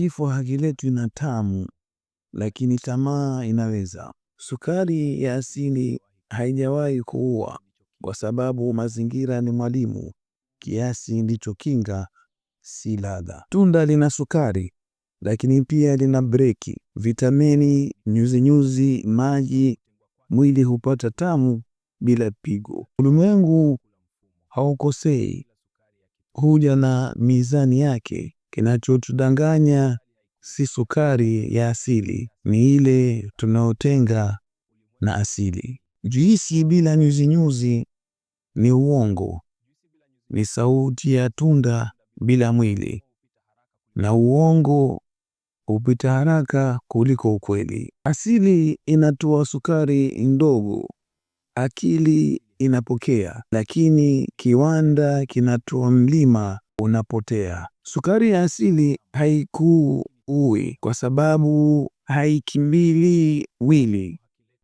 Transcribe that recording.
Kifo hakiletwi na tamu, lakini tamaa inaweza. Sukari ya asili haijawahi kuua, kwa sababu mazingira ni mwalimu. Kiasi ndicho kinga, si ladha. Tunda lina sukari, lakini pia lina breki, vitamini, nyuzinyuzi, maji. Mwili hupata tamu bila pigo. Ulimwengu haukosei, huja na mizani yake. Kinachotudanganya si sukari ya asili, ni ile tunayotenga na asili. Juisi bila nyuzinyuzi ni uongo, ni sauti ya tunda bila mwili, na uongo hupita haraka kuliko ukweli. Asili inatoa sukari ndogo, akili inapokea, lakini kiwanda kinatoa mlima unapotea. Sukari ya asili haikuui kwa sababu haikimbili wili.